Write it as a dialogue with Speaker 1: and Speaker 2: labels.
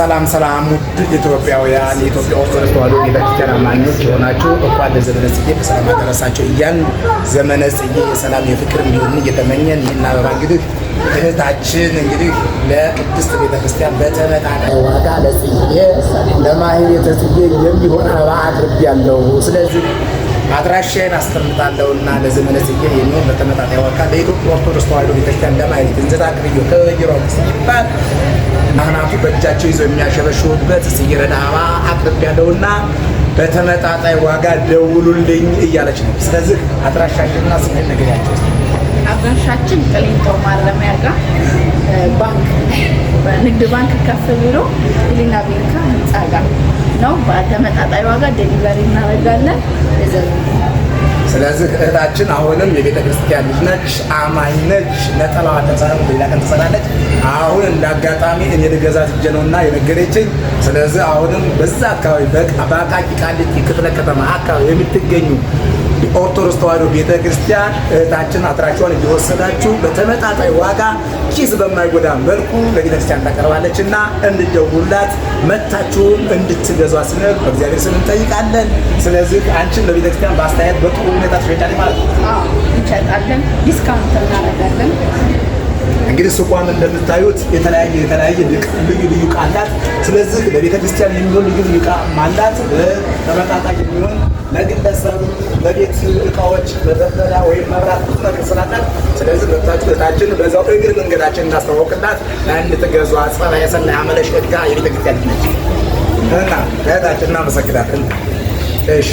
Speaker 1: ሰላም ሰላም ውድ ኢትዮጵያውያን የኢትዮጵያ ኦርቶዶክስ ተዋሕዶ ቤተክርስቲያን አማኞች የሆናችሁ እንኳን ለዘመነ ጽጌ በሰላም አደረሳችሁ እያን ዘመነ ጽጌ የሰላም የፍቅር እንዲሆን እየተመኘን ይህን አበባ እንግዲህ እህታችን እንግዲህ ለቅድስት ቤተክርስቲያን በተመጣጣኝ ዋጋ ለጽጌ ለማህሌተ ጽጌ የሚሆን አበባ አቅርቤያለሁ። ስለዚህ አድራሻዬን እና ለዘመነ ጽጌ የሚሆን በተመጣጣኝ ዋጋ ለኢትዮጵያ ኦርቶዶክስ ተዋሕዶ ቤተክርስቲያን ለማህሌት እንዘት አቅርቤ ከበየሯ ሲባል ካህናቱ በእጃቸው ይዘው የሚያሸበሽቡበት ጽጌ አቅርብ አበባ አቅርቤያለሁና በተመጣጣኝ ዋጋ ደውሉልኝ እያለች ነው። ስለዚህ አድራሻችንና ስሜት ነገሪያቸው።
Speaker 2: አድራሻችን ቅሊንጦ ማረሚያ ጋር ባንክ ንግድ ባንክ ከፍ ብሎ ሊና ቤንካ ህንፃ ጋር ነው። በተመጣጣኝ ዋጋ ዴሊቨሪ እናደርጋለን።
Speaker 1: ስለዚህ እህታችን አሁንም የቤተ ክርስቲያን ልጅ ነች፣ አማኝ ነች። ነጠላዋ ተሰራ ሌላ ቀን ትሰራለች። አዎ አጋጣሚ እኔ ልገዛት እጄ ነውና የነገረችኝ። ስለዚህ አሁንም በዛ አካባቢ በአቃቂ ቃሊቲ ክፍለ ከተማ አካባቢ የምትገኙ ኦርቶዶክስ ተዋሕዶ ቤተክርስቲያን ክርስቲያን እህታችን አትራቸዋን እየወሰዳችሁ በተመጣጣኝ ዋጋ ኪስ በማይጎዳ መልኩ ለቤተክርስቲያን ክርስቲያን ታቀርባለች እና እንድደውላት መታችሁም እንድትገዟ ስንል በእግዚአብሔር ስም እንጠይቃለን። ስለዚህ አንቺን ለቤተክርስቲያን ክርስቲያን በአስተያየት በጥሩ ሁኔታ ትሸጫለች ማለት
Speaker 2: ነው። እንሸጣለን፣ ዲስካውንት እናደርጋለን
Speaker 1: እንግዲህ ስቋም እንደምታዩት የተለያየ የተለያየ ልዩ ልዩ ዕቃ አላት። ስለዚህ ለቤተ ክርስቲያን የሚሆን ልዩ ልዩ ዕቃ አላት። ተመጣጣኝ የሚሆን ለግለሰብ ለቤት እቃዎች በዘፈላ ወይም መብራት ብዙ ነገር ስላላት፣ ስለዚህ መታችሁ እታችን በዛው እግር መንገዳችን እናስተዋውቅላት እንድትገዟ ጸባ የሰና ያመለሽ እድጋ የቤተ ክርስቲያን ነች እና እህታችን እናመሰግናለን። እሺ